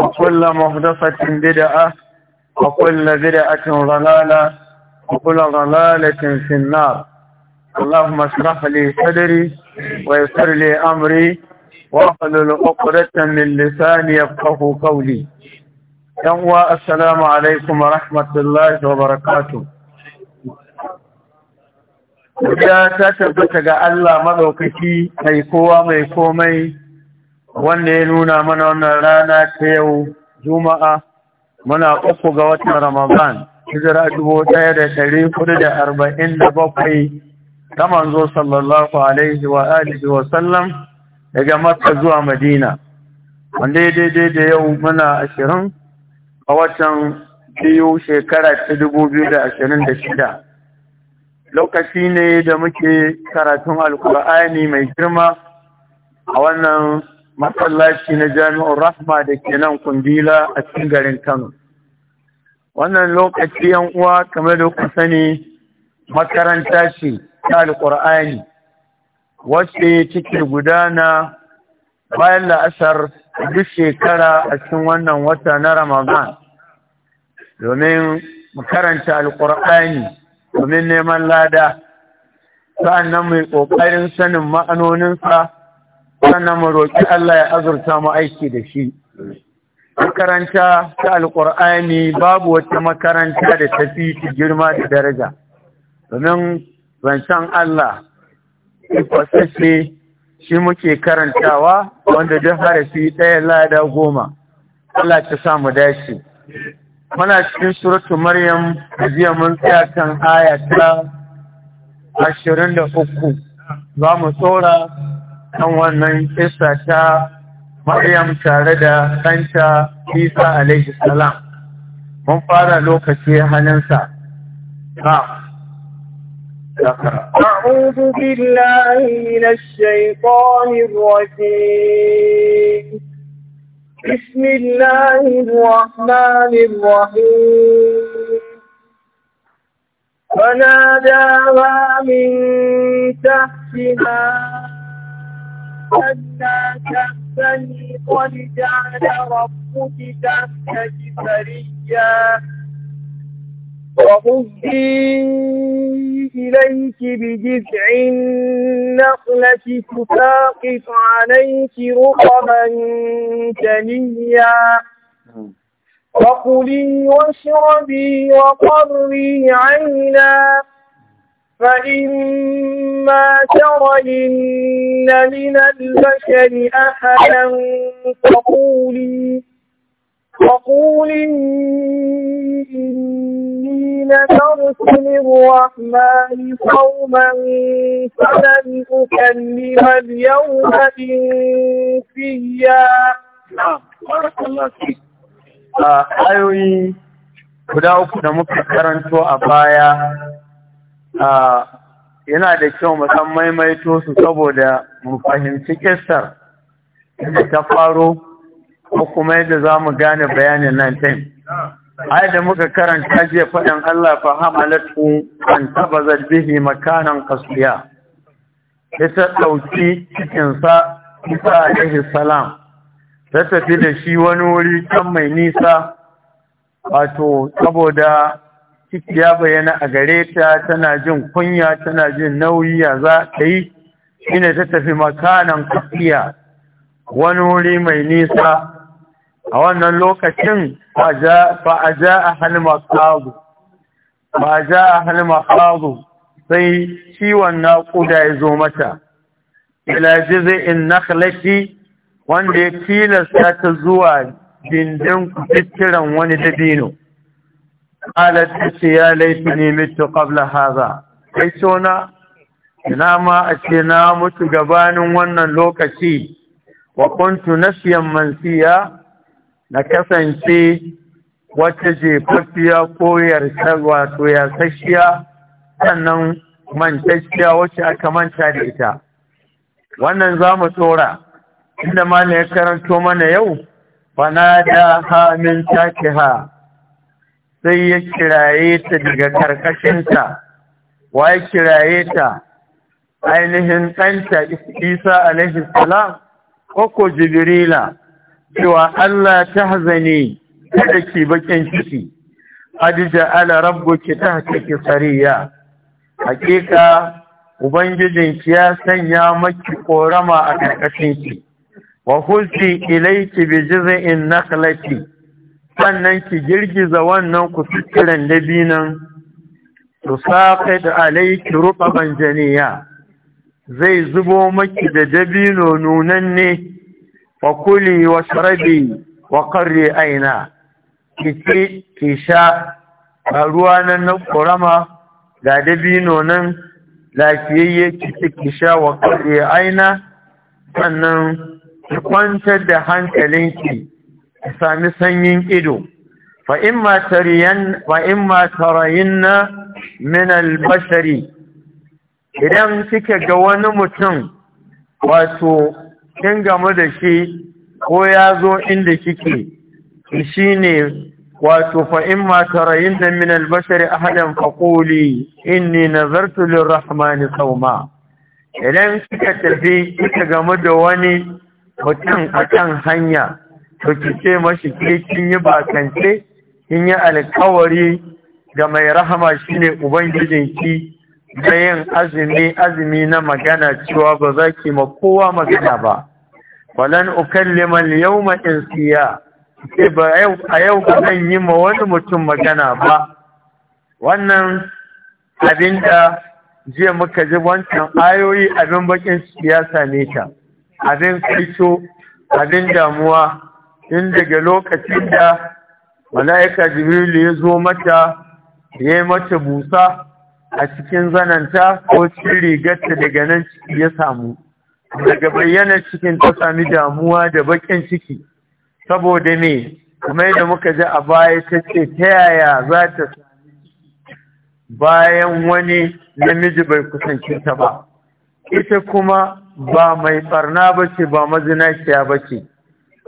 وكل محدثة بدعة وكل بدعة ضلالة وكل ضلالة في النار اللهم اشرح لي صدري ويسر لي أمري واحلل عقدة من لساني يفقه قولي يوم السلام عليكم ورحمة الله وبركاته Ya ta tabbata ga Allah maɗaukaki mai kowa mai komai wanda ya nuna mana wannan rana ta yau juma'a muna uku ga watan ramadan hijira dubu ɗaya da ɗari hudu da arba'in da bakwai ta manzo sallallahu alaihi wa alihi wa sallam daga makka zuwa madina wanda ya daidai da yau muna ashirin a watan biyu shekara ta dubu biyu da ashirin da shida lokaci ne da muke karatun alkur'ani mai girma a wannan masallaci na jami'ar rahma da ke nan kundila a cikin garin kano wannan lokaci yan uwa kamar da ku sani makaranta ce ta alƙur'ani wacce take gudana bayan la'asar duk shekara a cikin wannan wata na ramadan domin makaranta alƙur'ani domin neman lada sa'an nan mai ƙoƙarin sanin ma'anoninsa sannan mu roƙi Allah ya azurta mu aiki da shi makaranta ta alƙur'ani babu wata makaranta da ta fi girma da daraja domin zancen Allah ikwasashe shi muke karantawa wanda duk harafi ɗaya lada goma Allah ta mu dace muna cikin suratu maryam jiya mun tsaya kan aya ta ashirin da uku za mu tsora kan wannan kissa ta Maryam tare da ɗanta Isa alaihi salam. Mun fara lokaci halinsa. Na'am. أعوذ بالله من الشيطان الرجيم بسم الله الرحمن الرحيم وناداها من تحتها أنا قد جعل ربك تحتك وهزي إليك بجذع النخلة تساقط عليك رطبا جنيا وكلي واشربي وقري عينا فإما ترين من البشر أحدا فقولي فقولي إني نذرت للرحمن قوما فلن أكلم اليوم إنسيا نعم بارك الله فيك آه أيوي guda uku da muka karanto a baya yana da kyau mu san maimaito su saboda mu fahimci kistar da ta faro ko kuma yadda za mu gane bayanin nan ɗin. Ai da muka karanta jiya faɗin Allah fa hamalatu an tabazar bihi makanan kasuya. Ita ɗauki cikinsa Isa alaihi salam ta tafi da shi wani wuri can mai nisa wato saboda ciki ya bayyana a gare ta tana jin kunya tana jin nauyi ya za ta yi ina ta tafi makanan kafiya wani wuri mai nisa a wannan lokacin ba a ja a halma kagu ba a ja a halma kagu sai ciwon naƙuda ya zo mata ila in nakhlaki wanda ya tilasta ta zuwa dindin fitiran wani dabino قالت تسي يا ليتني مت قبل Ha'za. kai sona ina ma a ce na mutu gabanin wannan lokaci wa kuntu nasiyan mansiya na kasance wata jefaffiya ko wato yasasshiya sannan mantasshiya wacce aka manta da ita wannan za mu tsora inda ma ya karanto mana yau bana da ha min ha sai ya kiraye ta daga karkashinta wa ya kiraye ta ainihin ɗanta isa alaihi salam koko jibrila cewa Allah ta hazane kada ki bakin ciki adija ala ki rabbuki tahtaki sariya hakika ubangijinki ya sanya maki ƙorama a ƙarƙashinki, wa hulti ilaiki bi in naklaki. sannan ki girgiza wannan kusurkiran dabinan tusaqid alayki rutaban janiya zai zubo maki da dabino nunanne wa kuli wa sharabi wa qarri aina kici ki sha Karuwa ruwa nan na kurama ga dabino nan lafiyayye kici ki sha wa qarri aina sannan ki kwantar da hankalinki ka sami sanyin ido fa imma na min bashari idan kika ga wani mutum wato kin gamu da shi ko ya zo inda kike ne, wato fa imma na min al-bashari ahadan faquli inni nazartu lir-rahmani sauma. idan kika tafi kika gamu da wani mutum a kan hanya to ki ce mashi ke kin yi bakance kin yi alkawari ga mai rahama shine ki da yin azumi azumi na magana cewa ba za ki ma kowa magana ba walan ukallima al-yawma insiya ke ba a yau ba zan yi ma wani mutum magana ba wannan abinda jiya muka ji wancan ayoyi abin bakin siyasa ne ta abin kaito abin damuwa in daga lokacin da mala'ika jibrilu ya zo mata ya yi mata busa a cikin zananta ko cikin rigarta daga nan ciki ya samu daga bayyana cikin ta sami damuwa da bakin ciki saboda me kuma yadda muka ji a baya ta ce ta yaya za ta sami bayan wani namiji bai kusance ta ba ita kuma ba mai barna ba ce ba mazinaciya ba ce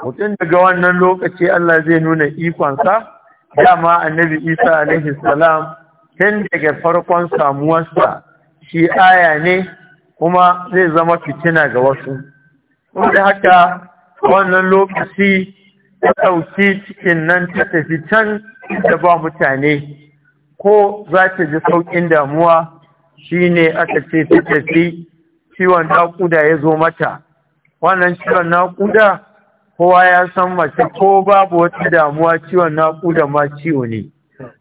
mutum daga wannan lokaci Allah zai nuna ikonsa dama annabi isa alaihi salam tun daga farkon samuwarsa shi aya ne kuma zai zama fitina ga wasu da haka wannan lokaci ta ɗauki cikin nan ta tafi can da ba mutane ko za ta ji sauƙin damuwa shine aka ce ta tafi ciwon naƙuda ya zo mata wannan ciwon naƙuda kowa ya san mace ko babu wata damuwa ciwon naƙuda ma ciwo ne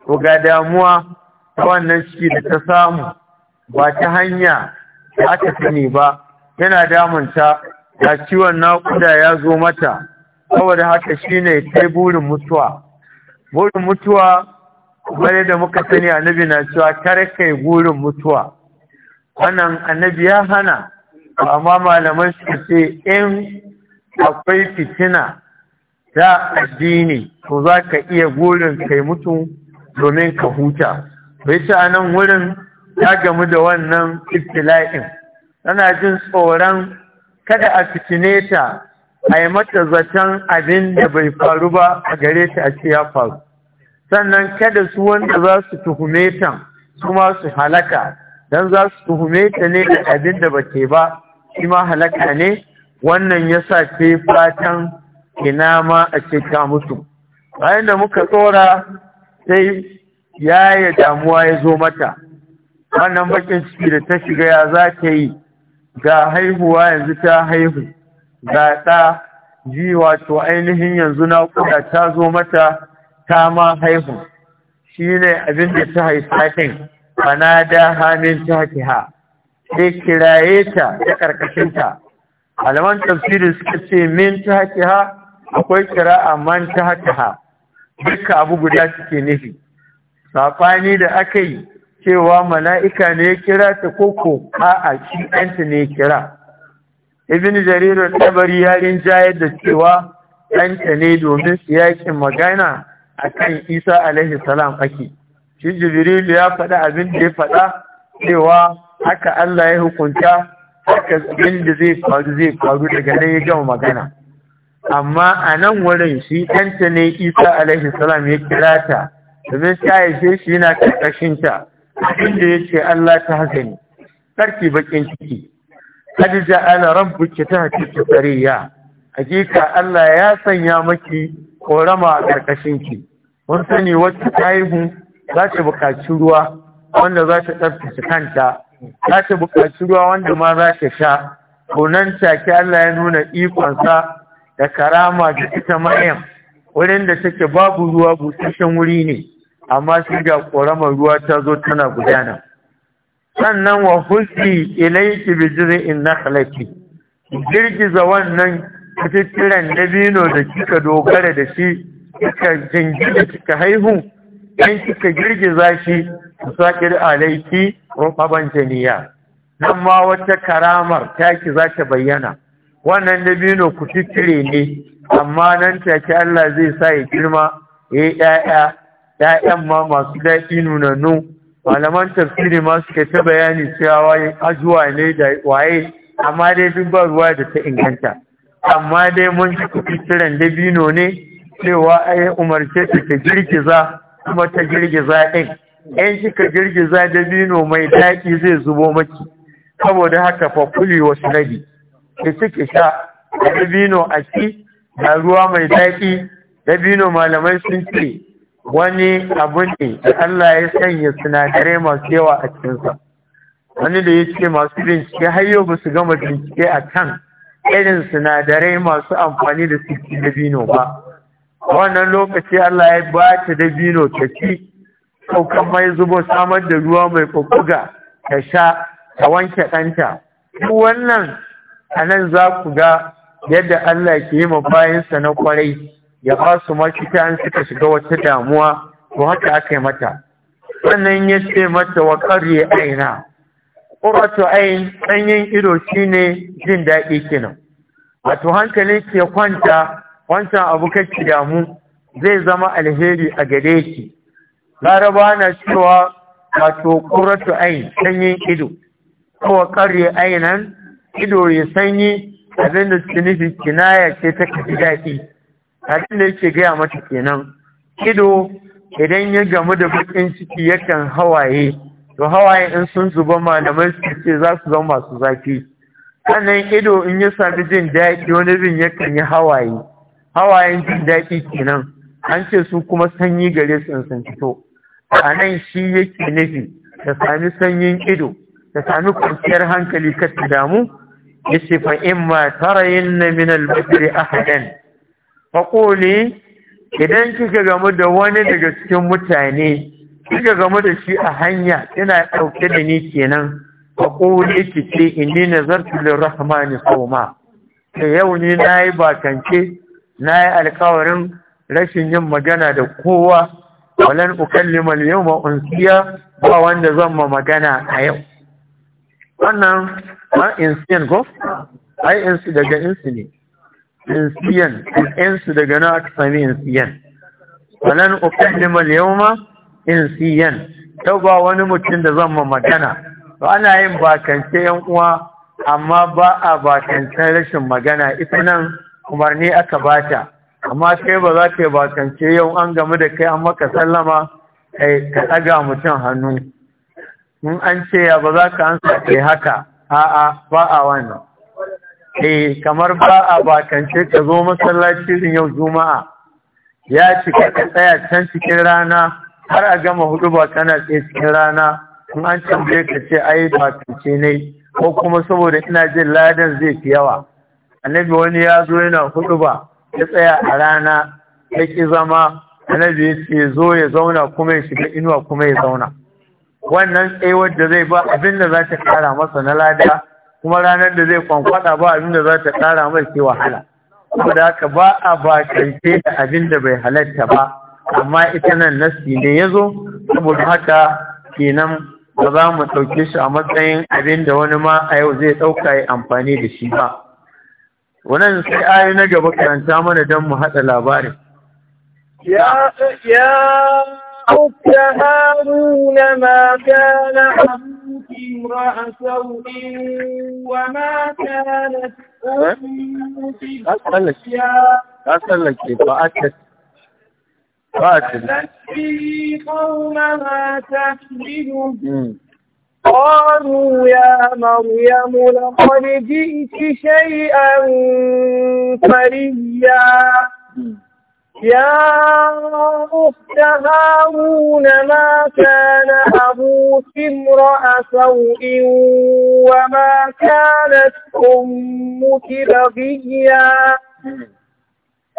to ga damuwa ta wannan ciki da ta samu ba ta hanya da aka ne ba yana damunta ga ciwon naƙuda ya zo mata saboda haka shi ne kai burin mutuwa burin mutuwa bare da muka sani annabi na cewa kare kai burin mutuwa wannan annabi ya hana amma malamai su ce in akwai fitina ta addini to za ka iya gurin kai mutu domin ka huta bai ce a nan wurin ya gamu da wannan ibtila'in tana jin tsoron kada a fitine ta a yi mata zaton abin da bai faru ba a gare ta a ce ya faru sannan kada su wanda za su tuhume ta su ma halaka don za su tuhume ta ne da abin da ba ke ba shi ma halaka ne wannan ya sa ke fatan ina ma a ce ta mutu bayan da muka tsora sai ya yi damuwa ya zo mata wannan bakin ciki da ta shiga ya za ta yi ga haihuwa yanzu ta haihu ga ɗa ji wato ainihin yanzu na naƙuda ta zo mata ta ma haihu shi ne abin da ta haifa ɗin bana da hannun ta ha sai kiraye ta ta ƙarƙashinta malaman tafsiri suka ce min ta ha, akwai kira'a man ta haƙi ha, duka abu guda suke nufi safani da aka yi cewa mala'ika ne ya kira ta koko a'a shi ɗanta ne ya kira ibn jarir tabari ya rinja da cewa ɗanta ne domin yakin magana akan isa alaihi salam ake shi jibril ya faɗa abin da ya faɗa cewa haka Allah ya hukunta haka da zai faru zai faru daga nan ya gama magana amma a nan wurin shi ɗanta ne isa alaihi salam ya kira ta domin ta haife shi yana ƙarƙashin ta inda ya ce Allah ta haka ne ƙarfi baƙin ciki kad ta rabbuki tahtika sariya hakika Allah ya sanya maki korama a ƙarƙashin ki mun sani wacce ta haihu za ta buƙaci ruwa wanda za ta tsaftace kanta za ta buƙaci ruwa wanda ma za ta sha kunan take Allah ya nuna ikonsa da karama da ita mayan wurin da take babu ruwa busasshen wuri ne amma sai ga ƙoramar ruwa ta zo tana gudana sannan wa husi ilayki bi jiz'in nakhlati girgiza wannan fitiran dabino da kika dogara da shi kika jingina kika haihu in kika girgiza shi musakir alaiki rufaban janiya nan ma wata karamar taki za ta bayyana wannan dabino ku fitire ne amma nan take Allah zai sa ya girma ya ɗaya ƴaƴan ma masu daɗi nunannu malaman tafsiri ma suka ta bayani cewa waye ajuwa ne da waye amma dai duk ba ruwa da ta inganta amma dai mun ji fitiran dabino ne cewa ai umarce ta ta girgiza kuma ta girgiza ɗin in kika girgiza dabino mai daƙi zai zubo maki saboda haka fa kuli wa sunabi ki ki sha dabino a ci da ruwa mai daƙi dabino malamai sun ce wani abu ne da Allah ya sanya sinadarai masu yawa a cikinsa wani da ya ce masu bincike har yau ba su gama bincike a kan irin sinadarai masu amfani da su dabino ba wannan lokaci Allah ya ba ta bino ta ci kokan mai zubo samar da ruwa mai kokuga ta sha ta wanke ɗanta ku wannan a nan za ku ga yadda Allah ke yi ma bayansa na kwarai ya ba su mafita in suka shiga wata damuwa to haka aka yi mata sannan ya ce mata wa ƙarye aina ƙuratu ain sanyin ido shine jin daɗi kenan wato hankalin ke kwanta wancan abu kake damu zai zama alheri a gare ki laraba na cewa wato qurratu ayn sanyin ido ko qarri aynan ido ya sanyi abin da suke nufi kinaya ce ta kafi daɗi abin da yake gaya mata kenan ido idan ya gamu da bakin ciki yakan hawaye to hawaye in sun zuba malamai su ce za su zama masu zafi sannan ido in ya sami jin daɗi wani bin yakan yi hawaye hawayen jin daɗi kenan an ce su kuma sanyi gare su sun fito a nan shi yake nufi ta sami sanyin ido ta sami kwanciyar hankali kar ta damu ya ce fa in ma yin na min a haɗin faƙoli idan kika gamu da wani daga cikin mutane kika gamu da shi a hanya yana ɗauke da ni kenan faƙoli ki ce inni nazartu lirrahmani soma da yau ni na yi bakance na yi alkawarin rashin yin magana da kowa walan ukallima al-yawma unsiya ba wanda zan ma magana a yau wannan ma insiyan ko ai insu daga insu ne insiyan insu daga na aka sami insiyan walan ukallima al-yawma insiyan yau ba wani mutum da zan ma magana to ana yin bakance yan uwa amma ba a bakance rashin magana ita nan umarni aka bata amma kai ba za ka yi bakance yau an gamu da kai an maka sallama kai ka ɗaga mutum hannu in an ce ya ba za ka ansa kai haka a'a ba a wannan eh kamar ba a bakance ka zo masallaci yau juma'a ya cika ka tsaya can cikin rana har a gama hudu ba kana tsaye cikin rana in an tambaye ka ce ai bakance ne ko kuma saboda ina jin ladan zai fi yawa annabi wani ya zo yana hudu ba ya tsaya a rana ya ki zama annabi ya ce zo ya zauna kuma ya shiga inuwa kuma ya zauna wannan tsayuwar da zai ba abin da za ta kara masa na lada kuma ranar da zai kwankwada ba abin da za ta kara mai ke wahala saboda haka ba a bakance da abin da bai halatta ba amma ita nan nasi ne ya zo saboda haka kenan ba za mu ɗauke shi a matsayin abin da wani ma a yau zai ɗauka yi amfani da shi ba wannan sai ayi na gaba karanta mana don mu haɗa labarin ya ya أخت هارون ما كان أبوك امرأ سوء وما كانت أمك فأتت فأتت في قومها قالوا يا مريم لقد جئت شيئا فريا يا أخت هارون ما كان أبوك امرأ سوء وما كانت أمك بغيا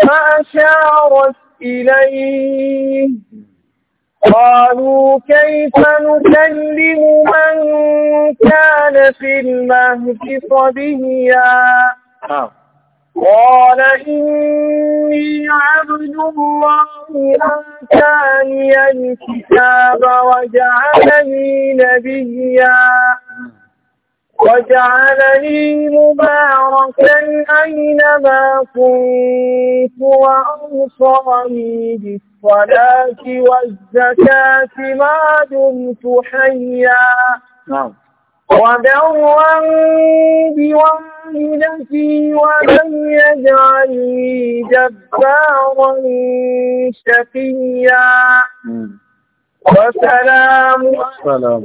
فأشارت إليه قالوا كيف نكلم من كان في المهد صبيا نعم. قال إني عبد الله آتاني الكتاب وجعلني نبيا وجعلني مباركا أينما كنت وأوصرني بالصلاة والزكاة ما دمت حيا نعم. وبرا بوالدتي ولم يجعلني جبارا شقيا وسلام, وسلام.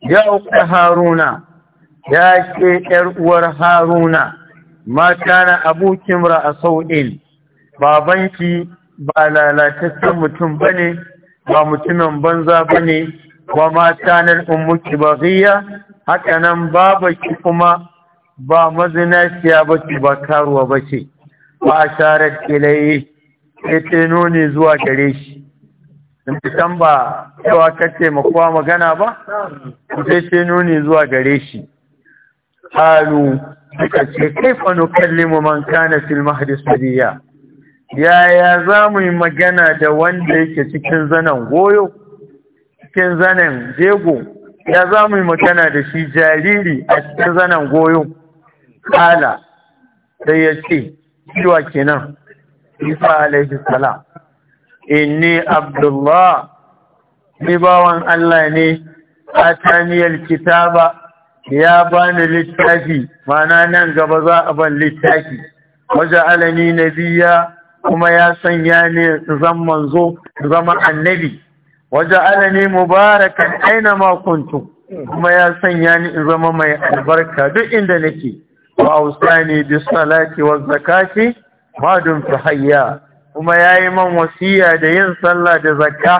ya uku haruna ya ce ‘yar uwar haruna mata na abokin a sau'in babanki ba lalataccen mutum ba ne ba mutumin banza ba ne ba mata na umuki ba haka hakanan babaki kuma ba mazinaciya ba ce ba karuwa ba ce ba a sharar ilayi ya ce nuni zuwa gare shi san ba cewa kace makuwa magana ba sai ce nuni zuwa gare shi halu suka ce kaifa nukallimu man kana fil mahdi sadiya yaya za mu yi magana da wanda yake cikin zanen goyo cikin zanen jego ya za mu yi magana da shi jariri a cikin zanen goyo kala sai ya ce cewa kenan isa alaihi salam inni abdullah ni bawan Allah ne Ta-Taniyar kitaba ya bani littafi mana nan gaba za a ban littafi Waje na biya kuma ya sanya ni zan manzo zama annabi Waje alani mubarakan aina makuntu kuma ya sanya ni in zama mai albarka duk inda nake wa ne bis salati waz zakati ma dumtu hayya kuma ya yi man wasiya da yin sallah da zakka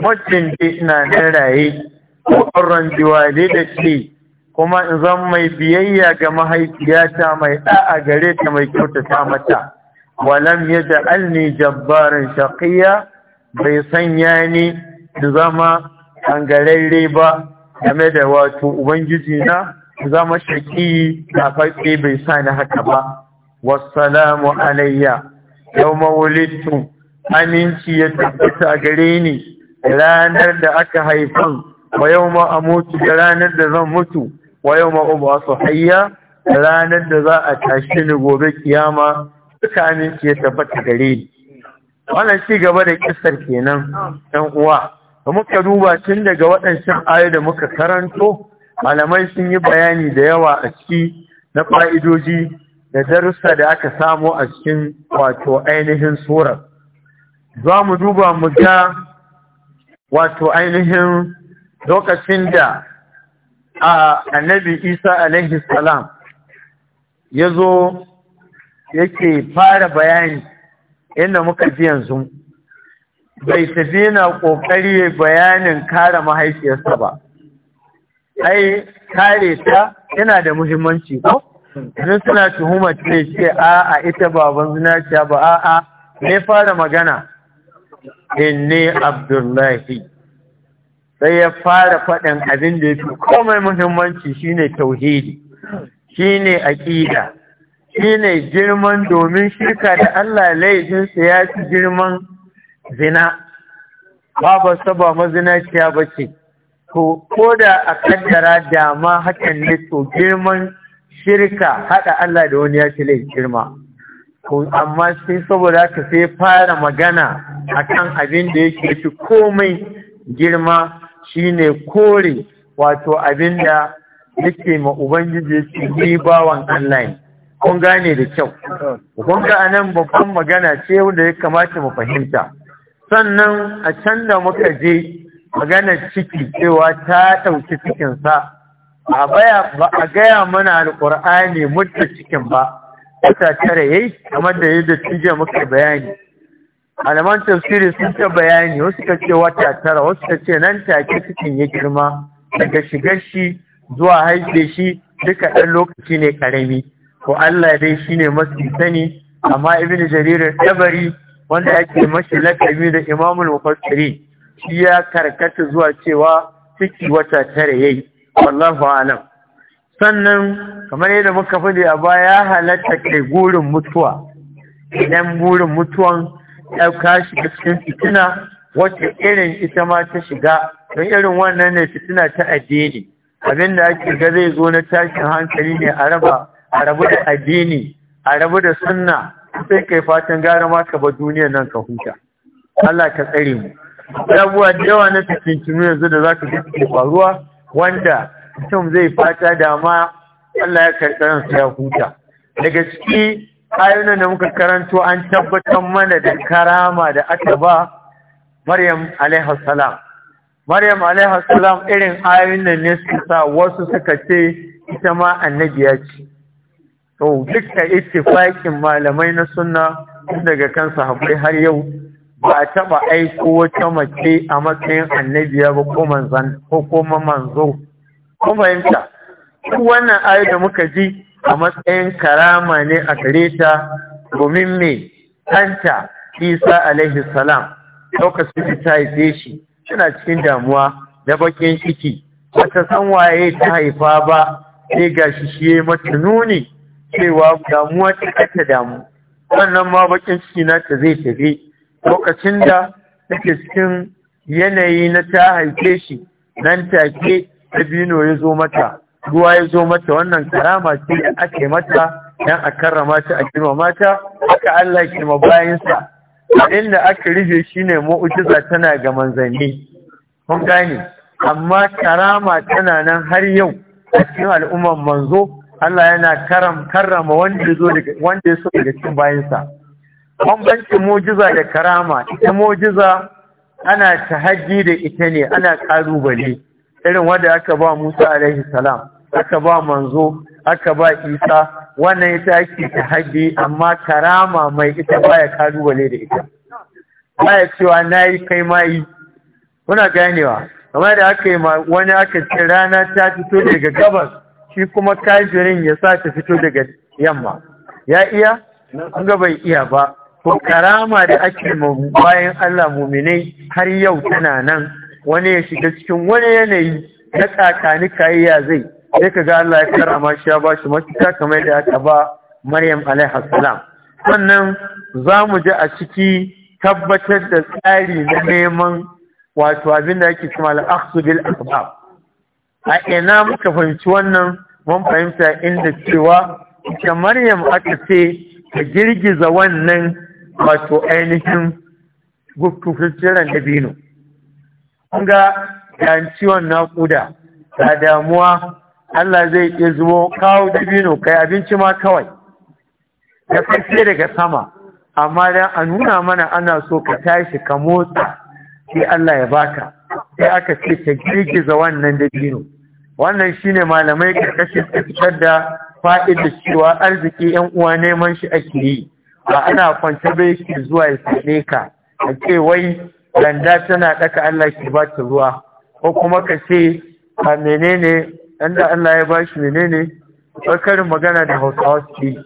muddin ke ina nan raye ƙwarren diwale da ce kuma in zan mai biyayya ga mahaifiyata mai ɗa'a gare ta mai kyautata mata walam ya alni jabbarin shaƙiya bai sanya ni zama kangararre ba game da wato ubangiji na zama shaƙi na bai sa ni haka ba Wasu wassalamu alayya yau mawulittu aminci ya tabbata a gare ni ranar da aka haifan wa yau ma a mutu da ranar da zan mutu wa yau ma uba su hayya ranar da za a tashi ni gobe kiyama duka aminci ya tabbata gare ni wannan ci gaba da kisar kenan ɗan uwa da muka duba tun daga waɗancan ayo da muka karanto malamai sun yi bayani da yawa a ciki na fa'idoji da darussa da aka samu a cikin wato ainihin surar za mu duba mu ga wato ainihin lokacin da a annabi isa alaihi salam ya zo yake fara bayani inda muka ji yanzu bai tafi yana ƙoƙari bayanin kare mahaifiyarsa ba ai kare ta yana da muhimmanci ko idan suna tuhuma ce ce a'a ita baban zinaciya ba a'a ne fara magana inni abdullahi sai ya fara faɗin abin da ya fi komai muhimmanci shine tauhidi shine aƙida shine girman domin shirka da Allah laifinsa ya ci girman zina babu saba mazinaciya ba ce ko da a kaddara dama hakan ne to girman shirka haɗa Allah da wani ya shi girma amma sai saboda ka sai fara magana a kan abin da yake fi komai girma shine kore wato abin da yake ma ubangiji yake ni bawan Allah ne kun gane da kyau kun ga anan babban magana ce wanda ya kamata mu fahimta sannan a can da muka je maganar ciki cewa ta ɗauki cikinsa A baya ba a gaya mana alƙur'ani mutu cikin ba wata tare yayi kamar da yadda tije muka bayani alaman tafsiri sun ta bayani wasu ka ce wata tara wasu ka ce nan take cikin ya girma daga shigar shi zuwa haife shi duka ɗan lokaci ne ƙarami ko Allah dai shine masu sani amma Ibn jarir tabari wanda ake mashi lakabi da imamul mufassiri shi ya karkata zuwa cewa ciki wata tare yayi Allahu alam sannan kamar yadda muka faɗi a baya halatta kai gurin mutuwa idan burin mutuwan ɗauka shiga cikin fitina wacce irin ita ma ta shiga don irin wannan ne fitina ta addini abin da ake ga zai zo na tashin hankali ne a raba a rabu da addini a rabu da sunna sai kai fatan gara ma ka ba duniyar nan ka huta Allah ka tsare mu abubuwa da yawa na fitintunu yanzu da za ka ga faruwa wanda mutum zai fata da ma Allah ya karɓi ransa ya huta daga ciki ayoyin da muka karanto an tabbatar mana da karama da aka ba Maryam alaiha salam Maryam alaiha salam irin ayoyin ne suka sa wasu suka ce ita ma annabiya ce to da ittifaqin malamai na sunna daga kan sahabbai har yau ba a taɓa aiko wata mace a matsayin annabiya ba ko manzan ko kuma manzo kun fahimta duk wannan ayo da muka ji a matsayin karama ne a gare ta domin me kanta isa alaihi salam lokacin da ta haife shi tana cikin damuwa da bakin ciki ta san waye ta haifa ba sai ga shi shi mata nuni cewa damuwa ta kata damu Sannan ma bakin ciki na ta zai tafi lokacin da take cikin yanayi na ta haife shi nan take dabino ya zo mata ruwa ya zo mata wannan karama ce da ake mata dan a karrama ta a girmama mata, haka Allah ke mabayinsa inda aka rufe shi ne mu'ujiza tana ga manzanni kun gane amma karama tana nan har yau a cikin al'umman manzo Allah yana karam karrama wanda ya so daga cikin bayansa bambancin mujiza da karama ita mujiza ana tahajji da ita ne ana ƙalubale irin wanda aka ba Musa alaihi salam aka ba manzo aka ba Isa wannan ita ake tahajji amma karama mai ita baya ƙalubale da ita baya cewa nayi kai ma yi kuna ganewa kamar da aka yi wani aka ce rana ta fito daga gabas shi kuma kafirin ya sa ta fito daga yamma ya iya an ga bai iya ba Ko karama da ake bayan Allah muminai har yau tana nan wani ya shiga cikin wani yanayi na kakani kayayya zai sai ka ga Allah ya karama shi ya ba shi mafita kamar da aka ba Maryam alaihi sannan za mu ji a ciki tabbatar da tsari na neman wato abin da ake cewa al bil asbab a ina muka fahimci wannan mun fahimta inda cewa ita Maryam aka ce ta girgiza wannan wato ainihin da dabino an ga yan ciwon naƙuda da damuwa Allah zai iya zubo kawo dabino kai abinci ma kawai Ya fashe daga sama amma dan a nuna mana ana so ka tashi ka motsa sai Allah ya baka sai aka ce ka girgiza wannan dabino wannan shine malamai karkashin fitar da fa'idar cewa arziki yan uwa neman shi ake yi ba ana kwance bai ke zuwa ya same ka a ce wai randa tana ɗaka Allah ke ba ta ruwa ko kuma ka ce a menene inda Allah ya ba shi menene karin magana da hausawa su yi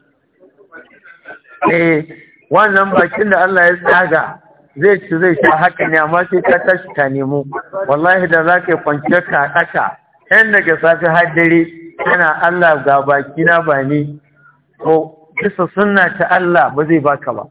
eh wannan bakin da Allah ya tsaga zai ci zai sha haka ne amma sai ka tashi ka nemo wallahi da za ka kwance ka ɗaka yan daga safi har dare yana Allah ga baki na ba ni ko kisa suna ta Allah ba zai baka ba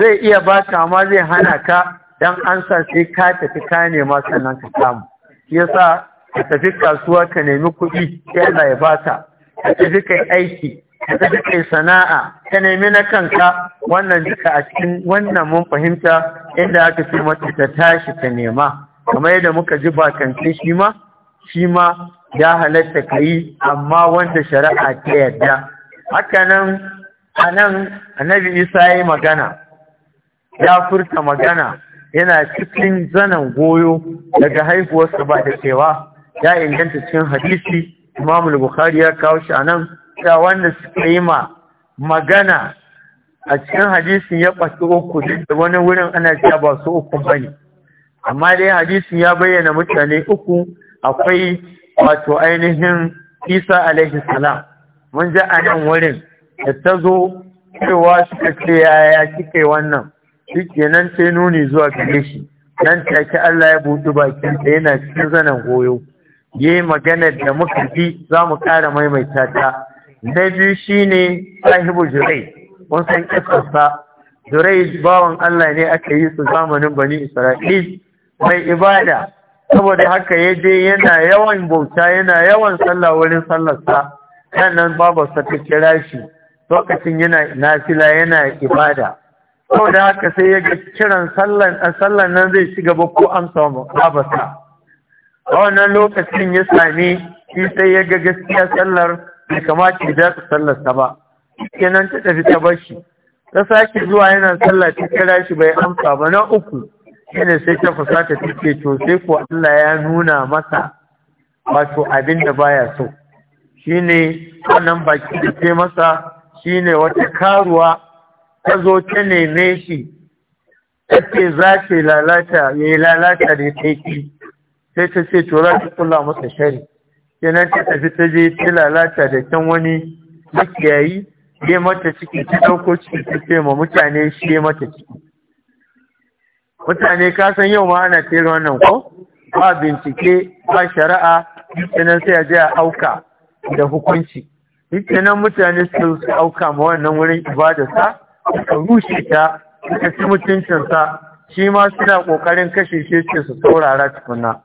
zai iya baka amma zai hana ka don an sa sai ka tafi ka nema sannan ka samu shi yasa ka tafi kasuwa ka nemi kuɗi sai Allah ya baka ka tafi kai aiki ka tafi kai sana'a ka nemi na kanka wannan duka a cikin wannan mun fahimta inda aka ce mata ta tashi ta nema kamar yadda muka ji bakance shi ma shi ma ya halatta ka yi amma wanda shari'a ta yarda Hakanan nan annabi isa ya yi magana ya furta magana yana cikin zanen goyo daga haihuwarsa ba da cewa ya inganta cikin hadisi imamu bukhari ya kawo shi a nan ya wanda suka yi ma magana a cikin hadisin ya ɓace uku da wani wurin ana cewa ba su uku ba ne amma dai hadisin ya bayyana mutane uku akwai wato ainihin isa alaihi salam mun ji a nan wurin da ta zo cewa suka ce yaya kike wannan shi nan sai nuni zuwa gare shi nan take Allah ya buɗe bakin ta yana cikin zanen goyo yi magana da muka fi za mu ƙara maimaita ta na biyu ne sahibu Jirai, mun san ƙasarsa jurai bawan Allah ne aka yi su zamanin bani isra'il mai ibada saboda haka ya je yana yawan bauta yana yawan sallah wurin sallarsa sannan babarsa ta kira shi lokacin yana nafila yana ibada sau da haka sai ya ga kiran sallan nan zai ci gaba ko amsa babarsa a wannan lokacin ya sami shi sai ya ga gaskiya sallar bai kamata ya dace sallarsa ba kenan ta tafi ta bashi ta sake zuwa yana sallar ta kira shi bai amsa ba na uku yana sai ta fusata take to sai ko Allah ya nuna masa wato abin da baya so shine wannan baki da ce masa shine wata karuwa ta zo ta neme shi ce za ta lalata ya yi lalata da ta yi sai ta ce tura ta kula masa shari kenan ta tafi ta je ta lalata da can wani makiyayi ya mata ciki ta ɗauko ciki ta ce ma mutane shi ya mata ciki mutane ka san yau ma ana tere wannan ko ba bincike ba shari'a kenan sai a je a auka da hukunci nan mutane su auka ma wannan wurin ibadarsa suka rushe ta suka ci mutuncinsa shi ma suna ƙoƙarin kashe shi ce su saurara tukuna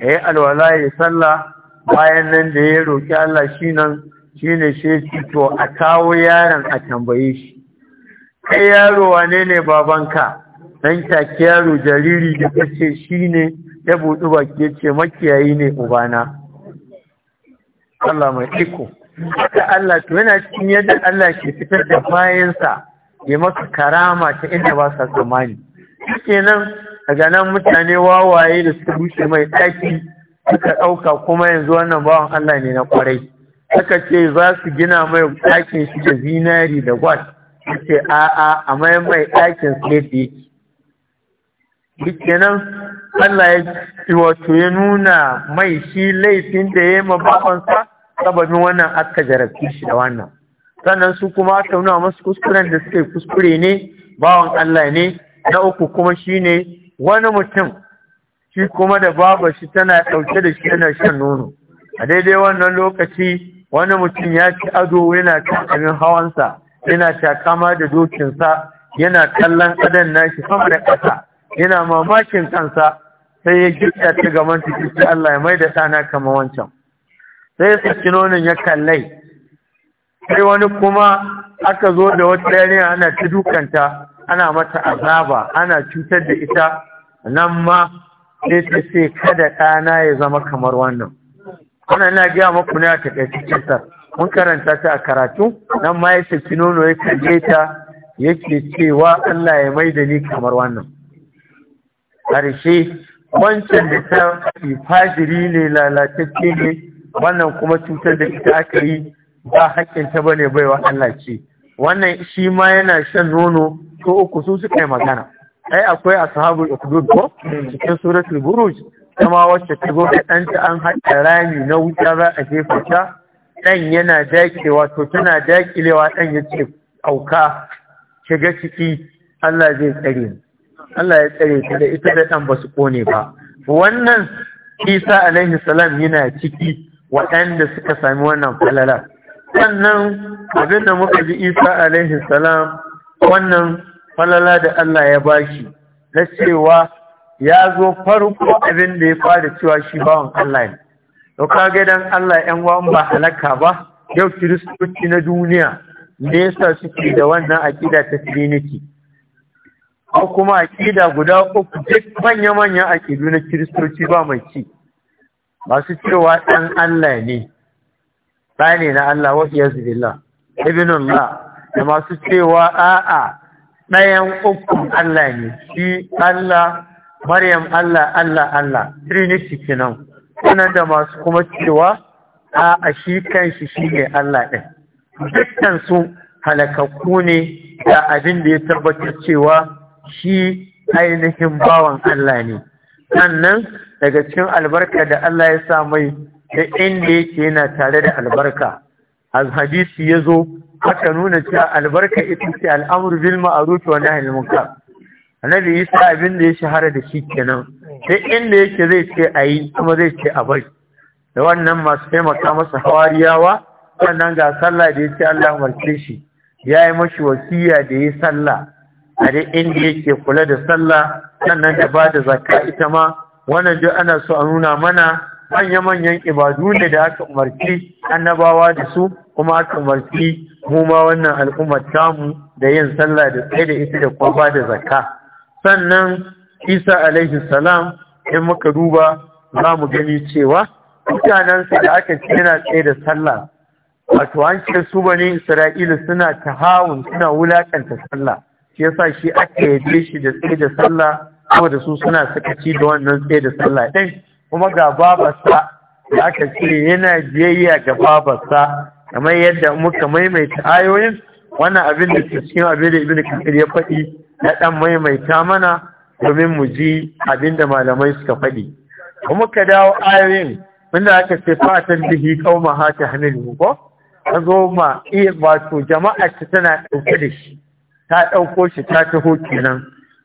ya yi alwala ya sallah bayan nan da ya roƙi Allah shi nan shi ne shi to a kawo yaron a tambaye shi kai yaro wane ne babanka ɗan take jariri da kace shi ne ya buɗi baki ya ce makiyayi ne ubana Allah mai iko haka Allah to yana cikin yadda Allah ke fitar da bayansa ya maka karama ta inda ba sa tsammani nan, daga nan mutane wawaye da suka rushe mai ɗaki suka ɗauka kuma yanzu wannan bawan Allah ne na kwarai aka ce za su gina mai ɗakin shi da zinari da gwal ce a'a a mai mai ɗakin su ke. duk kenan Allah ya wato ya nuna mai shi laifin da ya yi ma babansa sababin wannan aka jarabci shi da wannan sannan su kuma aka nuna masu kuskuren da suke kuskure ne bawan Allah ne na uku kuma shine wani mutum shi kuma da baba shi tana ɗauke da shi yana shan nono a daidai wannan lokaci wani mutum ya ci ado yana kan abin hawansa yana takama da dokinsa yana kallon adan nashi sama da ƙasa yana mamakin kansa sai ya gita ta gaban ciki Allah ya mai da ɗana kamar wancan sai saki nonon ya kallai sai wani kuma aka zo da wata yariya ana ta dukanta ana mata azaba ana cutar da ita nan ma sai ta ce kada ɗana ya zama kamar wannan ana na gaya maku ne a takaice cutar mun karanta ta a karatu nan ma ya saki nono ya kalle ta yake cewa Allah ya mai da ni kamar wannan ƙarshe wancan da ta fajiri ne lalatacce ne wannan kuma cutar da ita aka yi ba hakkin ta bane baiwa Allah ce wannan shi ma yana shan nono ko uku su suka yi magana ai akwai ashabul ukhdud ko cikin suratul buruj kuma wacce ta zo da ɗanta an haɗa rami na wuta za a jefa ta ɗan yana dakewa to tana dakilewa ɗan ya ce auka shiga ciki Allah zai tsare Allah ya tsare ta da ita da ɗan ba su kone ba wannan Isa alaihi salam yana ciki waɗanda suka sami wannan falala Wannan abin da muka ji isa alaihi salam wannan falala da Allah ya bashi na cewa ya zo farko abin da ya fara cewa shi bawan Allah ne to kaga Allah yan uwan ba halaka ba yau kiristoci na duniya me yasa suke da wannan aƙida ta trinity ko kuma aƙida guda uku duk manya-manyan akidu na kiristoci ba mai ci masu cewa ɗan Allah ne ɗa ne na Allah wa iya zubilla ibinullah da masu cewa a'a ɗayan uku Allah ne shi Allah Maryam Allah Allah Allah Trinity kenan Sunan da masu kuma cewa a'a shi kanshi shi ne Allah ɗin dukkan su halakakku ne da abin da ya tabbatar cewa shi ainihin bawan Allah ne sannan daga cikin albarka da Allah ya sa mai da inda yake yana tare da albarka hadisi ya zo aka nuna cewa albarka ita ce al'amur bil ma'ruf wa nahy anil munkar annabi Isa abin da ya shahara da shi kenan sai inda yake zai ce ayi kuma zai ce a bai da wannan masu taimaka masa hawariyawa sannan ga sallah da ya ce Allah marke shi ya yi mashi wasiya da ya sallah a dai inda yake kula da sallah sannan da ba da zakka ita ma wannan duk ana so a nuna mana manya-manyan ibadu ne da aka umarci annabawa da su kuma aka umarci mu ma wannan al'ummar tamu da yin sallah da tsaye da ita da kuma ba da zakka sannan isa alaihi salam in muka duba za mu gani cewa mutanensa da aka ce yana tsaye da sallah wato an ce su bane isra'ila suna tahawun suna wulakanta sallah shi yasa shi aka yaje shi da tsaye da sallah kuma da su suna sakaci da wannan tsaye da sallah din kuma ga babarsa da aka ce yana biyayya ga babarsa kamar yadda muka maimaita ayoyin wannan abin da cikin abin da ibnu kasir ya faɗi na ɗan maimaita mana domin mu ji abin da malamai suka faɗi Kuma muka dawo ayoyin wanda aka ce fatan bihi kauma hata hamilu ko ka zo ma iya wato jama'a ta tana ɗauke da shi ta ɗauko shi ta taho kenan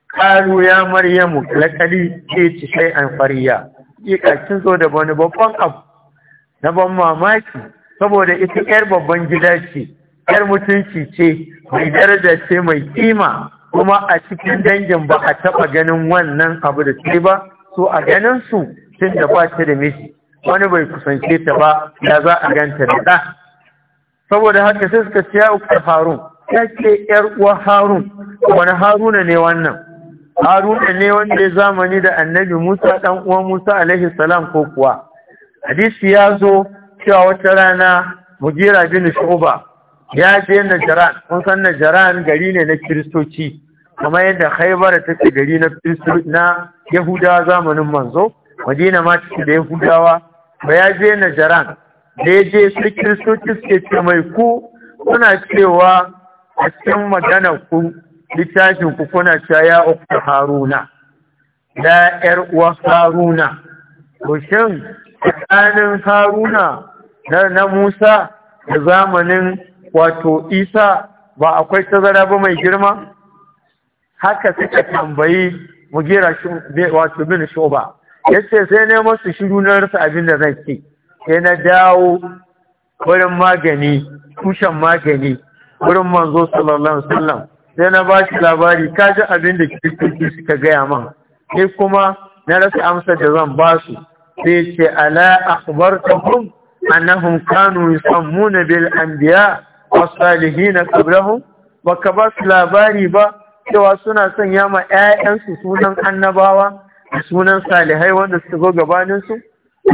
ƙaru ya maryamu lakari ce ci sai an fariya ƙiƙa kin zo da wani babban abu na ban mamaki saboda ita 'yar babban gida ce 'yar mutunci ce mai daraja ce mai kima kuma a cikin dangin ba a taɓa ganin wannan abu da ce ba so a ganin su tun da ba ta da miji wani bai kusance ta ba ya za a ganta da ɗa saboda haka sai suka ce uku uku faru yake ‘yar uwa harun wani haruna ne wannan haruna ne wanda ya zamani da annabi musa ɗan uwan musa alaihi salam ko kuwa hadisi ya zo cewa wata rana mujira bin shuba ya je najran kun san najran gari ne na kiristoci kamar yadda ta take gari na na yahudawa zamanin manzo madina ma take da yahudawa ba ya je najran da ya je su kiristoci suke ce mai ku suna cewa a cikin maganar ku littafin ku kuna cewa ya uku haruna da ‘yar uwa haruna to shin tsakanin haruna na musa da zamanin wato isa ba akwai tazara ba mai girma haka suka tambayi mugira wato bin shoba ya ce sai ne masu shiru na rasa abin da zan ce sai na dawo wurin magani tushen magani wurin manzo sallallahu alaihi wasallam sai na ba shi labari ka ji abin da kiristoci suka gaya man sai kuma na rasa amsa da zan ba su sai ce ala akhbartukum annahum kanu yusammuna bil anbiya was qablahum baka ba su labari ba cewa suna sanya ma 'ya'yansu sunan annabawa da sunan salihai wanda suka zo gabaninsu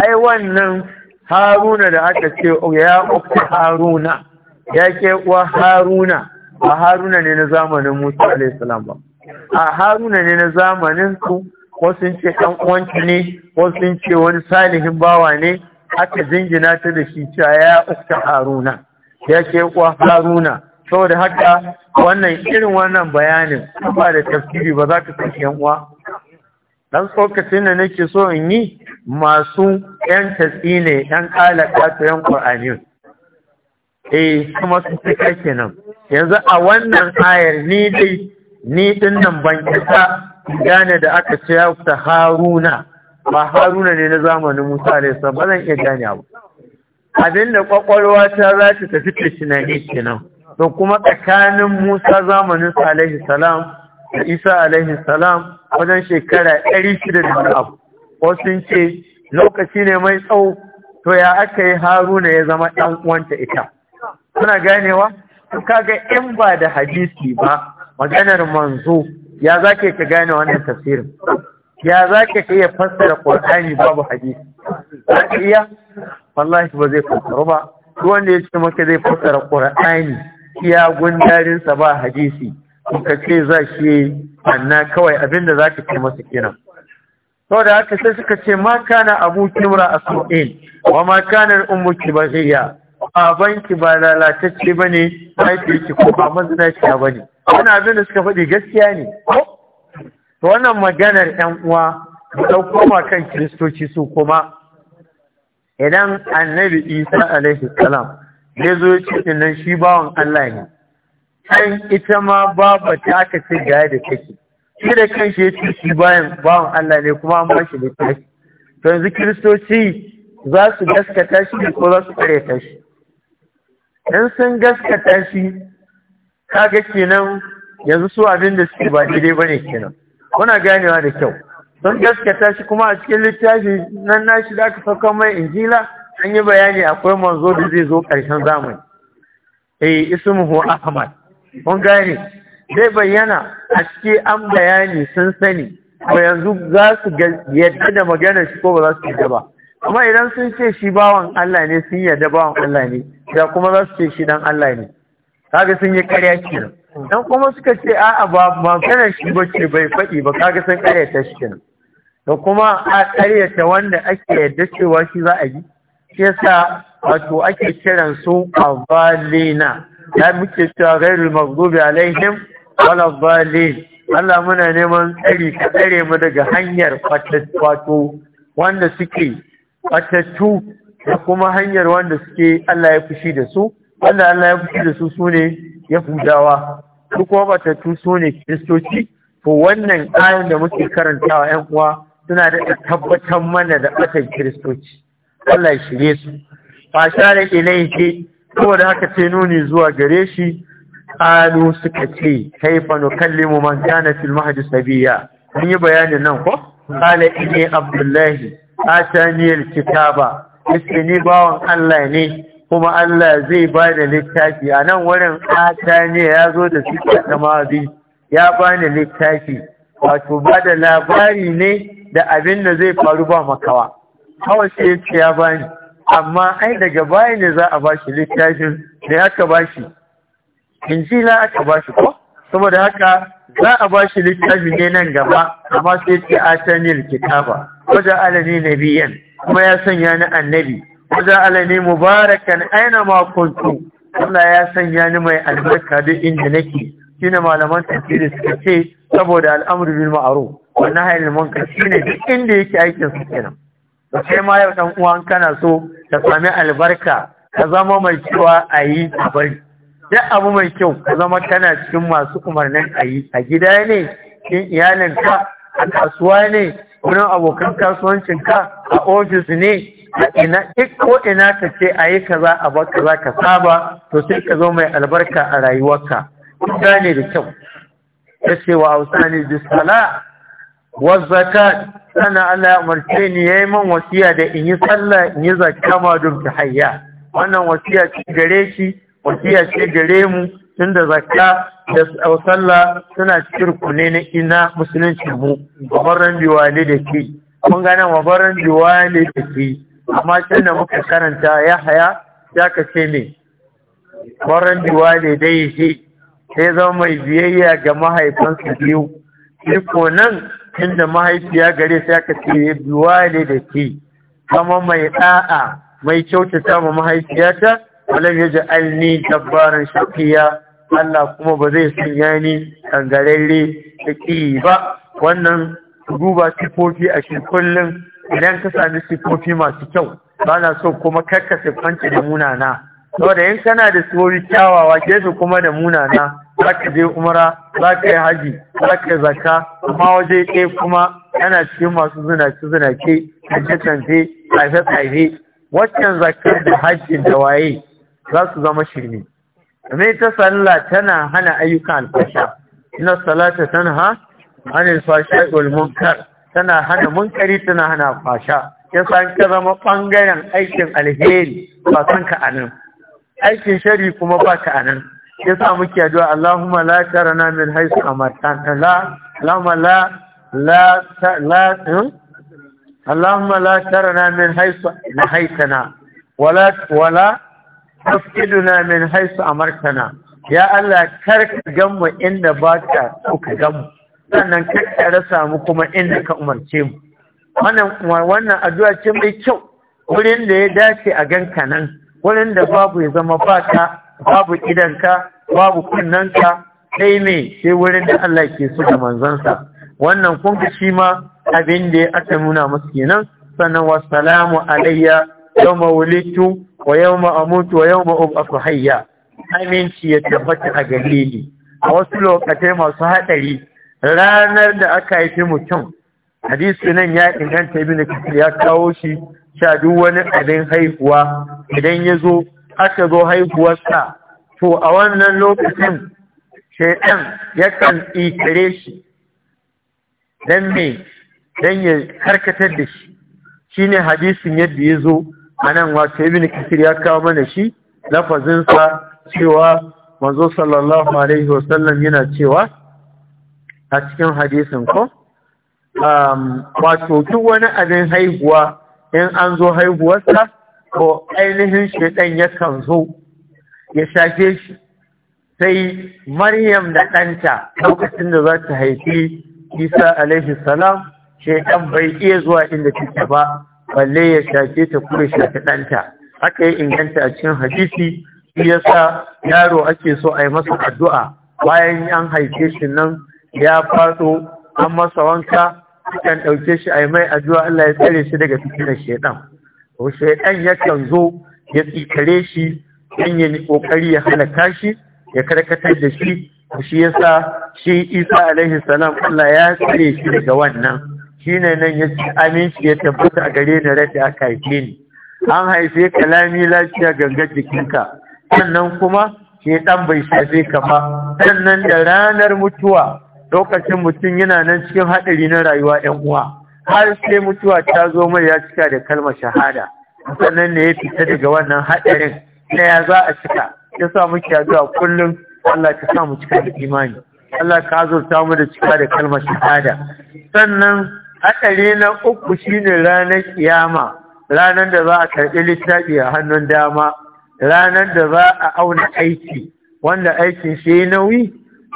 ai wannan haruna da aka ce ya uku haruna ya ke wa haruna a haruna ne na zamanin musa alaihissalam ba a haruna ne na zamanin su wasu ce ɗan uwanci ne wasu ce wani salihin bawa ne aka jingina ta da shi cewa ya uska haruna ya ke wa haruna saboda haka wannan irin wannan bayanin ba da tafsiri ba za ka san yan uwa dan tsokacin da nake so in yi masu yan tatsi ne yan kalaka ta yan qur'ani eh kuma sun fita kenan yanzu a wannan ayar ni dai ni din nan ban kisa gane da aka ce ya ta haruna ba haruna ne na zamanin musa alayhi salam ba zan iya gane ba. abin da kwakwalwa ta za ta tafi ta shi na ne kenan to kuma tsakanin musa zamanin sa salam da isa alaihi salam wajen shekara ɗari shida da abu wasu ce lokaci ne mai tsawo to ya aka yi haruna ya zama ɗan uwanta ita kuna ganewa kaga in ba da hadisi ba maganar manzo ya zake ka gane wannan tafsirin ya zake ka iya fassara qur'ani babu hadisi iya wallahi ba zai fassara ba duk wanda ya ce maka zai fassara qur'ani iya gundarin sa ba hadisi ka ce za shi anna kawai abinda zaka ce masa kenan saboda haka sai suka ce ma kana abu kimra asu'in wa ma kana ummu kibariya babanki ba lalatacce ba ne mahaifiyarki ko ba mazinaciya ba ne wani abin da suka faɗi gaskiya ne wannan maganar ‘yan uwa ɗau koma kan kiristoci su kuma idan annabi isa alaihi salam ya zo cikin nan shi bawan allah ne kan ita ma babu ta aka ce ga da take shi da kan shi ya ce shi bayan bawan allah ne kuma an bashi da kiristoci za su gaskata shi ko za su karyata shi in sun gaskata shi kaga kenan yanzu su abin da suke ba daidai bane kenan kuna ganewa da kyau sun gaskata shi kuma a cikin littafi nan nashi da aka sauka mai injila an yi bayani akwai manzo da zai zo karshen zamani eh ismuhu ahmad mun gane zai bayyana a cikin an bayani sun sani ba yanzu za su yadda da magana shi ko ba za su yadda ba amma idan sun ce shi bawan Allah ne sun yarda bawan Allah ne da kuma za su ce shi dan Allah ne kaga sun yi ƙarya kenan dan kuma suka ce a'a ba kana shi bace bai faɗi ba kaga sun ƙarya ta shi kenan da kuma a ta wanda ake yarda cewa shi za a yi shi yasa wato ake kiran su abalina da muke cewa ghairul maghdubi alaihim wala dhalin Allah muna neman tsari ka tsare mu daga hanyar wato wanda suke ƙatattu da kuma hanyar wanda suke Allah ya fushi da su wanda Allah ya fushi da su su ne sune yahudawa su kuma su ne kiristoci to wannan kayan da muke karantawa 'yan uwa suna da tabbatar mana da batan kiristoci Allah ya shirye su Ba fa share kuma saboda haka sai nuni zuwa gare shi ƙalu suka ce kai nukallimu man kana fil sabiya mun yi bayanin nan ko qala inni abdullahi ataniyar kitaba yace ni bawan Allah ne kuma Allah zai ba da littafi a nan wurin ataniya ya zo da sifa ta mazi ya ba ni littafi wato ba da labari ne da abin da zai faru ba makawa kawai sai ce ya ba ni amma ai daga baya ne za a ba shi littafin da aka ba shi ji na aka ba shi ko saboda haka za a ba shi littafi ne nan gaba amma sai ce ataniyar kitaba waje alani nabiyan kuma ya sanya ni annabi waje alani mubarakan aina ma kuntu Allah ya sanya ni mai albarka duk inda nake shine malaman tafsiri suka ce saboda al'amru bil ma'ruf wa nahyi anil munkar shine duk inda yake aikin su kenan to sai ma yau dan uwan kana so ka sami albarka ka zama mai cewa ayi a bari duk abu mai kyau ka zama kana cikin masu umarnin ayi a gida ne iyalin iyalinka a kasuwa ne wurin abokan kasuwancin ka a ofis ne ina ko ina ka ce a yi kaza a bar kaza ka saba to sai ka zo mai albarka a rayuwarka kun gane da kyau ya ce wa ausani bi sala wa zaka sana Allah ya umarce ni yayi man wasiya da in yi sallah in yi zakka ma ta hayya wannan wasiya ce gare shi wasiya ce gare mu tunda zakka da sallah suna cikin rukune na ina musulunci mu wabaran biwale da ke mun gane wabaran biwale da ke amma can da muka karanta ya haya ya ka ce ne wabaran biwale da ya ce sai zama mai biyayya ga mahaifansa biyu shi ko nan tunda mahaifiya gare sai aka ce biwale da ke Kama mai ɗa'a mai kyautata ma mahaifiyata walam yaj'alni jabbaran shaqiya Allah kuma ba zai sanya ni kangararre da ƙi ba wannan duba sifofi a shi kullum idan ka sami sifofi masu kyau ba na so kuma karka sifanci da munana saboda in kana da sifofi kyawawa gefe kuma da munana za ka je umara za ka yi haji za ka yi zaka amma waje ɗaya kuma yana cikin masu zinace zinace canje canje tsaife tsaife waccan zakar da hajji da waye za su zama shirme mai ta sallah tana hana ayyuka alfasha ina salata tana anil fasha wal munkar tana hana munkari tana hana fasha ya san ka zama ɓangaren aikin alheri ba san ka anan aikin shari kuma ba ka anan ya sa muke addu'a Allahumma la tarana min haythu amatan la Allahumma la la la hmm? Allahumma la tarana min haythu nahaytana wala wala tafkiduna min haisu Amarkana, ya Allah kar ka inda ba ka so ka sannan kar ka rasa mu kuma inda ka umarce mu wannan addu'a ce mai kyau wurin da ya dace a ganka nan wurin da babu ya zama ba ka babu idanka babu ka, sai me sai wurin da Allah ke so da manzansa wannan kun shi ma abin da aka nuna masu kenan sannan "Salamu alayya yawma wulidtu wa yawma amutu wa yawma ub'athu hayya aminci ya tabbata a gare ni a wasu lokatai masu haɗari ranar da aka haifi mutum hadisi nan ya inganta ibn kasir ya kawo shi sha duk wani abin haihuwa idan ya zo aka zo haihuwarsa to a wannan lokacin shaidan yakan ikire shi dan me dan ya karkatar da shi shine hadisin yadda ya zo anan wato ibn kasir ya kawo mana shi lafazinsa cewa manzo sallallahu alaihi wasallam yana cewa a cikin hadisin ko um, wato duk wani abin haihuwa in an zo haihuwarsa ko ainihin shaidan yakan zo ya shafe shi sai maryam da ɗanta lokacin da za ta haifi isa alaihi salam shaidan bai iya zuwa inda take ba balle ya shafe ta kuma shafe ɗanta aka yi inganta a cikin hadisi shi yasa yaro ake so a yi masa addu'a bayan 'yan haife shi nan ya faɗo an masa wanka kan ɗauke shi a yi mai addu'a Allah ya tsare shi daga fitinar shaidan to shaidan yakan zo ya tsikare shi dan ya kokari ya halaka shi ya karkatar da shi shi yasa shi Isa alaihi salam Allah ya tsare shi daga wannan shine nan ya ce aminci ya tabbata a gare ni rai da aka haife ni an haife ka lami lafiya ganga jikinka sannan kuma dan bai shafe ka ba sannan da ranar mutuwa lokacin mutum yana nan cikin haɗari na rayuwa yan uwa har sai mutuwa ta zo mai ya cika da kalmar shahada sannan ne ya fita daga wannan haɗarin na ya za a cika ya sa muke addu'a kullum Allah ka sa mu cika da imani Allah ka azurta mu da cika da kalmar shahada sannan Haɗari na uku shine ranar kiyama ranar da za a karɓi littafi a hannun dama ranar da za a auna aiki wanda aikin shi ya nauyi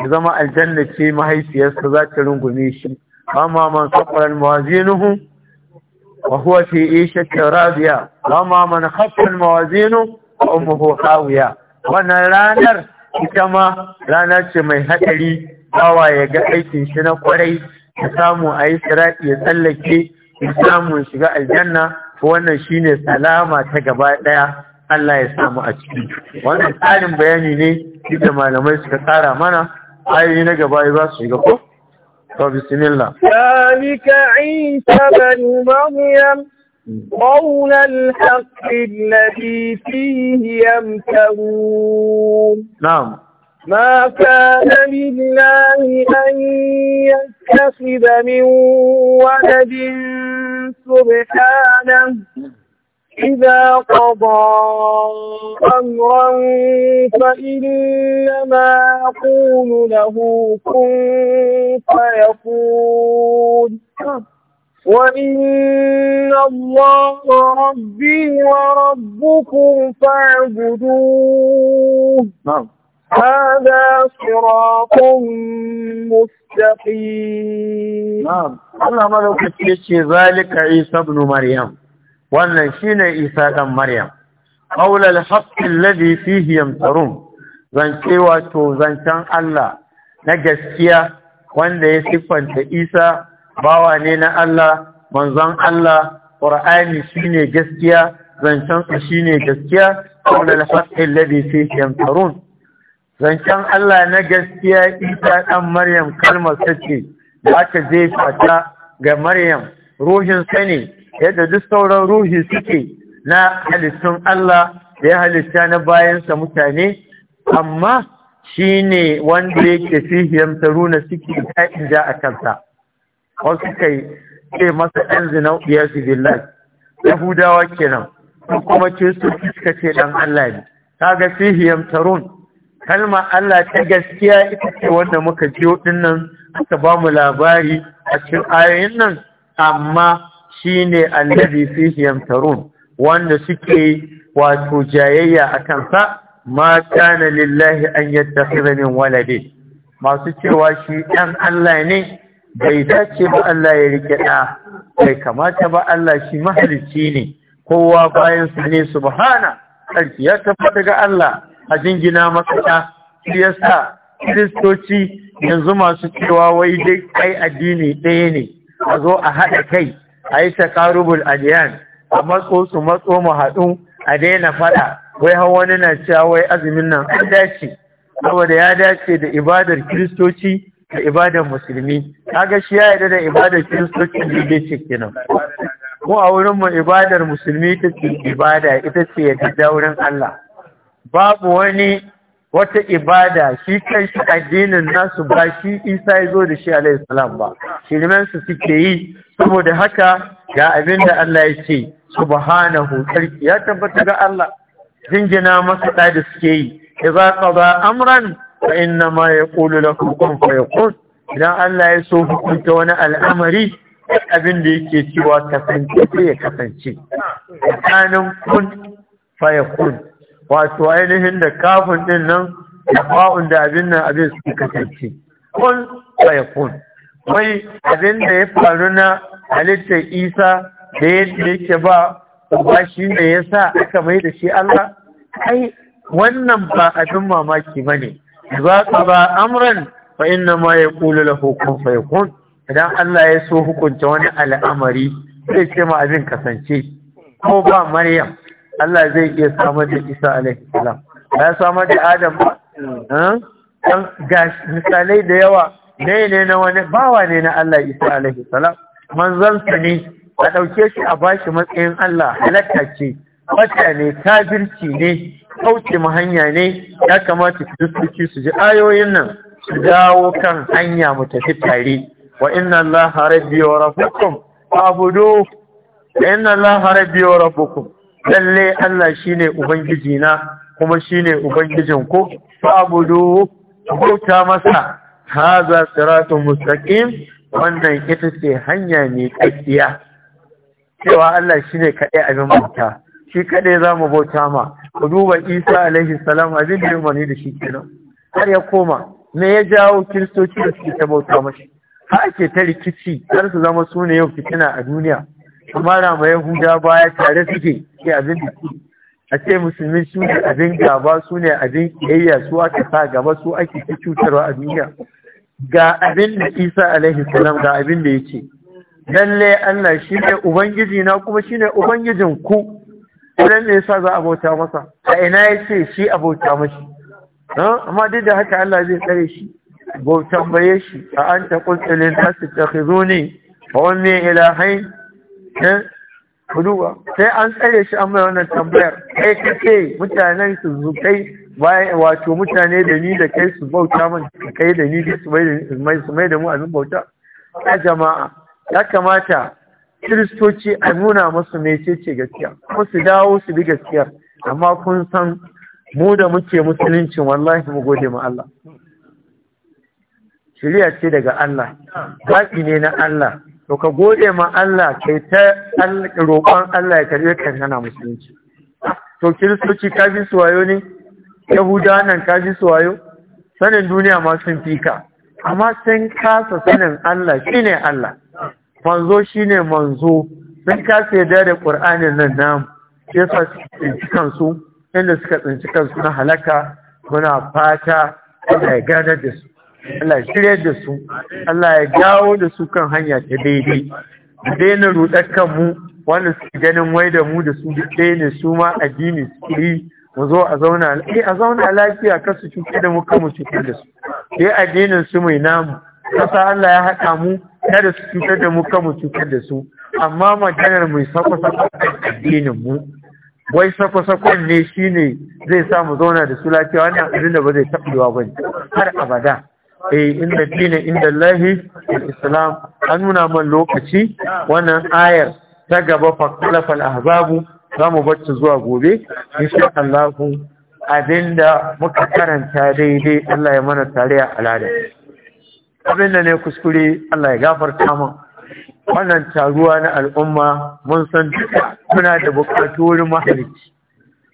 zama aljanna ce mahaifiyarsa za ta rungume shi amma man sakwaran mawazinuhu wa huwa fi ishatin radiya amma man khaffal mawazinu wa ummuhu hawiya wannan ranar ita ma rana ce mai haɗari bawa ya ga aikin shi na kwarai ya samu a yi siraɗi ya tsallake ya samu shiga aljanna ko wannan shine salama ta gaba ɗaya Allah ya samu a ciki wannan tsarin bayani ne da malamai suka tsara mana ayoyi na gaba za su shiga ko to bismillah zalika isa bin maryam قول الحق الذي فيه يمترون نعم ما كان لله أن يتخذ من ولد سبحانه إذا قضى أمرا فإنما يقول له كن فيقول وإن الله ربي وربكم فاعبدوه نعم هذا صراط مستقيم نعم الله ملوك يشي ذلك عيسى ابن مريم وانا شين عيسى ابن مريم قول الحق الذي فيه يمترون zance wato zancen Allah na gaskiya wanda ya siffanta Isa bawa ne na Allah manzon Allah Qur'ani shine gaskiya zancen sa shine gaskiya qawlul haqqi alladhi fihi yamtarun zancen Allah na gaskiya isa ɗan Maryam kalmar ce, za aka je fata ga Maryam ruhin ne, yadda duk sauran ruhi suke na halittun Allah da ya halitta na bayansa mutane amma shi ne wanda yake fihiyar taruna suke ta'in ja a kansa wasu kai ce masa ɗan zinau ɗiyarsu Ya yahudawa kenan kuma ce su ce ɗan Allah ne kaga fihiyar tarun kalma Allah ta gaskiya ita ce wanda muka jiyo din nan aka ba mu labari a cikin ayoyin nan amma ne annabi fihi yamtarun wanda suke wato jayayya a kansa ma kana lillahi an yattakhidha min walade masu cewa shi ɗan Allah ne bai dace ba Allah ya rike ɗa bai kamata ba Allah shi mahalicci ne kowa bayan su ne subhana sarki ya tafi daga Allah a jingina makaka shi yasa kiristoci yanzu masu cewa wai dai kai addini ɗaya ne a zo a haɗa kai a yi takarubul adiyan a matso su matso mu haɗu a daina faɗa wai har wani na cewa wai azumin nan an dace saboda ya dace da ibadar kiristoci da ibadar musulmi kaga shi ya yarda da ibadar kiristoci da dai ce kenan mu a wurin mu ibadar musulmi ta ce ibada ita ce yadda wurin Allah babu wani wata ibada shi kanshi addinin nasu ba shi isa ya zo da shi alayhi salam ba shirmansu suke yi saboda haka ga abin da Allah ya ce subhanahu sarki ya tabbata ga Allah jinjina masa da da suke yi idza qada amran fa inna ma yaqulu lakum kun fayakun idan Allah ya so hukunta wani al'amari abin da yake cewa kasance ya kasance tsakanin kun fayakun wato ainihin da kafin din nan da ba'un da abin nan abin su kasance kun kun wai abin da ya faru na halittar isa da yadda yake ba ba shi ne ya sa aka mai da shi allah ai wannan ba abin mamaki ba ne ba ka ba amran fa inna ma ya kula da hukun kun idan allah ya so hukunta wani al'amari zai ce ma abin kasance ko ba maryam Allah zai iya samar da Isa alaihi salam ya samar da Adam ba dan misalai da yawa ne ne na wani bawa ne na Allah Isa alaihi salam manzansa ne a ɗauke shi a bashi matsayin Allah halatta ce wata ne kafirci ne kauce mu hanya ne ya kamata kiristoci su ji ayoyin nan su dawo kan hanya mu tafi tare wa inna Allah rabbi wa rabbukum abudu inna Allah rabbi wa rabbukum lalle Allah shine ubangiji na kuma shine ubangijin ku fa'budu bauta masa hadha siratun mustaqim wannan ita ce hanya ne kakkiya cewa Allah shine kadai abin bauta shi kadai zamu bauta ma ku duba Isa alaihi salam abin da wani da shi kenan har ya koma me ya jawo kiristoci da suke ta bauta mashi ha ake ta rikici har su zama su yau fitina a duniya mara ma yahuda baya tare suke ke abin da su a ce musulmi su ne abin gaba su ne abin kiyayya su aka sa gaba su ake ta cutarwa a duniya ga abin da isa alaihi salam ga abin da ya ce lalle allah shi ne ubangiji na kuma shi ne ubangijin ku idan ne yasa za a bauta masa a ina ya ce shi a bauta mashi amma duk da haka allah zai tsare shi bautan baye shi a an ta kultsulin ta ne a wani eh sai an tsare shi an mai wannan tambayar kai kake mutanen su zu kai bayan wato mutane da ni da kai su bauta min kai da ni su da su mai da mu abin bauta ya jama'a ya kamata kiristoci a nuna musu mecece gaskiya kuma su dawo su bi gaskiya amma kun san mu da muke musulunci wallahi mu gode ma Allah shari'a ce daga Allah zaɓi ne na Allah to ka gode ma Allah kai ta roƙon Allah ya karbe ka kana musulunci to kiristoci ka ji wayo ne yahuda nan ka ji wayo? sanin duniya ma sun fi ka, amma sun kasa sanin Allah shine Allah manzo shine manzo sun kasa yadda da Qur'anin nan namu yasa tsinci kansu inda suka tsinci kansu na halaka muna fata Allah ya gadar da su Allah ya shirya da su Allah ya jawo da su kan hanya ta daidai daina rudar kanmu wanda su ganin wai da mu da su ɗaya ne su ma addini su yi mu zo a zauna alaƙi eh, a zauna lafiya kar su cutar da mu kan mu cutar da su a addinin su mai namu kasa Allah ya haɗa mu kada su cutar da mu kan mu cutar da su amma maganar mai sako-sako addinin mu wai sako-sakon ne shine zai sa mu zauna da su lafiya wannan abin da ba zai taɓa yiwa bane har abada eh inda dina inda lahi islam an nuna man lokaci wannan ayar ta gaba fakalafal ahzabu za mu bacci zuwa gobe insha Allah abinda muka karanta daidai Allah ya mana tare a al'ada abinda ne kuskure Allah ya gafarta mu wannan taruwa na al'umma mun san muna da bukatu wurin mahalicci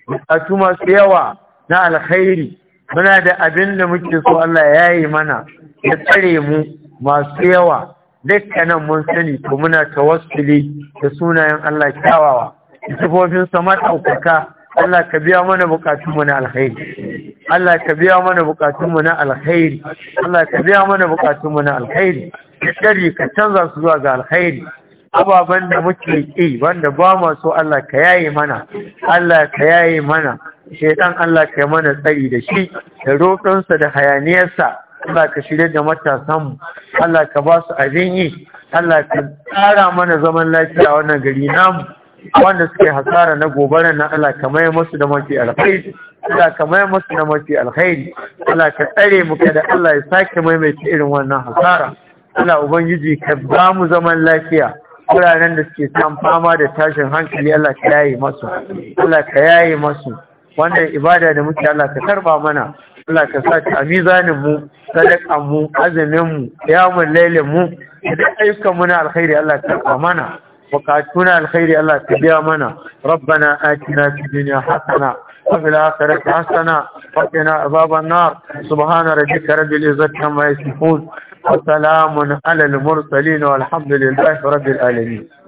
bukatu masu yawa na alkhairi muna da abin da muke so Allah ya yi mana ya tsare mu masu yawa dukkanin mun sani to muna tawassuli da sunayen Allah kyawawa sifofin sama ɗaukaka Allah ka biya mana bukatunmu na alkhairi Allah ka biya mana bukatunmu na alkhairi Allah ka biya mana bukatunmu na alkhairi kari ka canza su zuwa ga alkhairi ababen da muke ƙi wanda ba ma so Allah ka yaye mana Allah ka yaye mana shaidan Allah kai mana tsari da shi da roƙonsa da hayaniyarsa Allah ka shirya da matasan Allah ka ba su abin yi Allah ka tsara mana zaman lafiya a wannan gari namu wanda suke hasara na gobara na Allah ka mai musu da mafi alkhairi Allah ka mai musu da mafi alkhairi Allah ka tsare mu kada Allah ya sake maimaita irin wannan hasara Allah ubangiji ka ba mu zaman lafiya wuraren da suke san fama da tashin hankali Allah ka masu Allah ka yaye masu wannan ibada da muke Allah ka karba mana Allah ka sa ta a mizanin mu sadakan mu azumin mu yamun lailin mu da ayyukan mu na alkhairi Allah ka karba mana وقعتنا الخير الله تبيامنا ربنا آتنا في الدنيا حسنة وفي الآخرة حسنة وقنا عذاب النار سبحان ربك رب العزة عما يصفون وسلام على المرسلين والحمد لله رب العالمين